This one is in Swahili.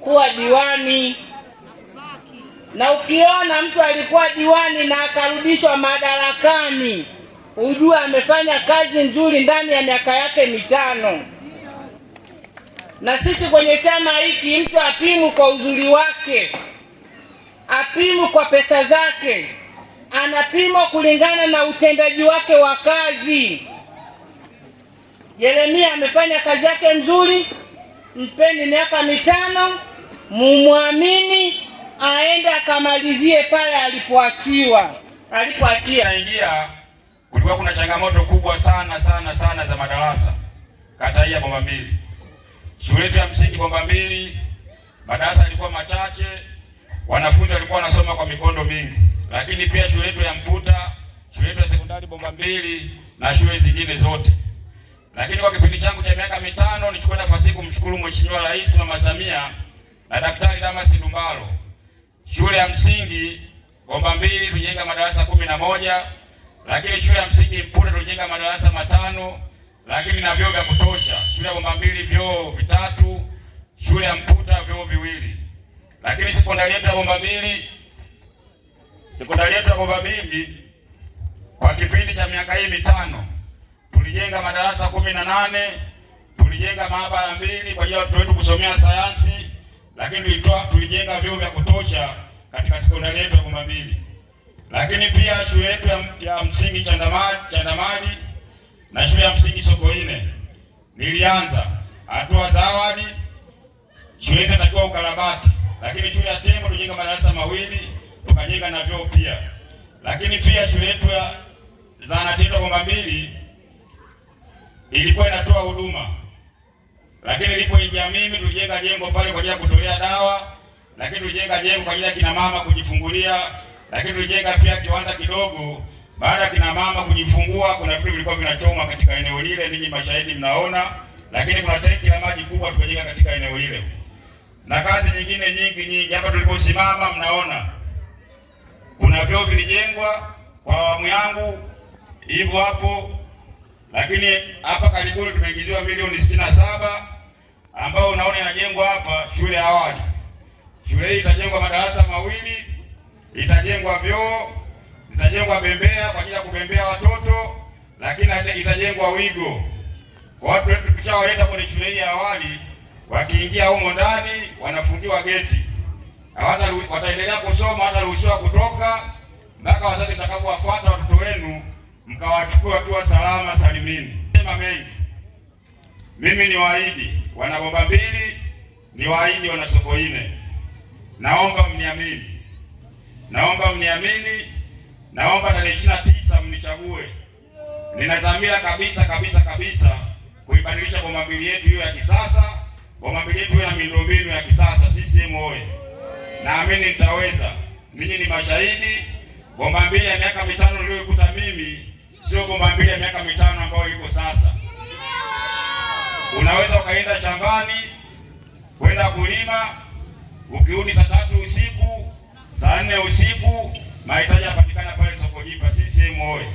kuwa diwani, na ukiona mtu alikuwa diwani na akarudishwa madarakani, ujue amefanya kazi nzuri ndani ya miaka yake mitano. Na sisi kwenye chama hiki mtu apimu kwa uzuri wake, apimu kwa pesa zake, anapimwa kulingana na utendaji wake wa kazi. Yeremia amefanya kazi yake nzuri mpeni miaka mitano, mumwamini aende akamalizie pale alipoachiwa, alipoachia. Naingia kulikuwa kuna changamoto kubwa sana sana sana za madarasa kata hii ya Bomba Mbili, shule ya msingi Bomba Mbili, madarasa yalikuwa machache, wanafunzi walikuwa wanasoma kwa mikondo mingi, lakini pia shule yetu ya Mputa, shule yetu ya sekondari Bomba Mbili na shule zingine zote lakini kwa kipindi changu cha miaka mitano nichukue nafasi hii kumshukuru Mheshimiwa Rais Mama Samia na Daktari Damas Ndumbaro, shule ya msingi Gomba mbili tulijenga madarasa kumi na moja, lakini shule ya msingi Mputa tulijenga madarasa matano, lakini na vyoo vya kutosha. Shule ya Gomba mbili vyoo vitatu, shule ya Mputa vyoo viwili. Lakini sekondari yetu ya Gomba mbili, sekondari yetu ya Gomba mbili kwa kipindi cha miaka hii mitano tulijenga madarasa kumi na nane, tulijenga maabara mbili kwa ajili ya watoto wetu kusomea sayansi, lakini tulitoa tulijenga vyuo vya kutosha katika sekondari yetu ya mbili, lakini pia shule yetu ya, ya msingi Chandamali, Chandamali na shule ya msingi Sokoine nilianza hatua za awali. Shule inatakiwa ukarabati, lakini shule ya Tembo tulijenga madarasa mawili tukajenga na vyoo pia, lakini pia shule yetu ya zahanati mbili ilikuwa inatoa huduma, lakini nilipoingia mimi tulijenga jengo pale kwa ajili ya kutolea dawa, lakini tulijenga jengo kwa ajili ya kina mama kujifungulia, lakini tulijenga pia kiwanda kidogo. Baada ya kina mama kujifungua, kuna vitu vilikuwa vinachomwa katika eneo lile, ninyi mashahidi mnaona, lakini kuna tenki la maji kubwa tumejenga katika eneo lile na kazi nyingine nyingi nyingi. Hapa tuliposimama mnaona kuna vyoo vilijengwa kwa awamu yangu hivyo hapo lakini hapa karibuni tumeingiziwa milioni sitini na saba ambao unaona inajengwa hapa shule ya awali. Shule hii itajengwa madarasa mawili, itajengwa vyoo, zitajengwa bembea kwa ajili ya kubembea watoto, lakini itajengwa wigo kwa watu wetu. Tukishawaleta kwenye shule hii ya awali, wakiingia humo ndani wanafungiwa geti, hawata wataendelea kusoma, hataruhusiwa kutoka mpaka wazazi watakapowafuata watoto wenu mkawachukua kuwa salama salimini. Sema mengi, mimi ni waahidi wana mbili, ni waahidi wana Sokoine, naomba mniamini, naomba mniamini, naomba tarehe ishirini na tisa mnichague. Ninadhamira kabisa kabisa kabisa kuibadilisha Bomba mbili yetu hiyo ya kisasa, Bomba mbili yetu hiyo na miundombinu ya kisasa. CCM oyee! Naamini nitaweza, ninyi ni mashahidi. Bomba mbili ya miaka mitano niliyoikuta sio gomba mbili ya miaka mitano ambayo iko sasa. Unaweza ukaenda shambani kwenda kulima, ukirudi saa tatu usiku, saa nne usiku, mahitaji yanapatikana pale soko Jipa. Sisi sehemu oye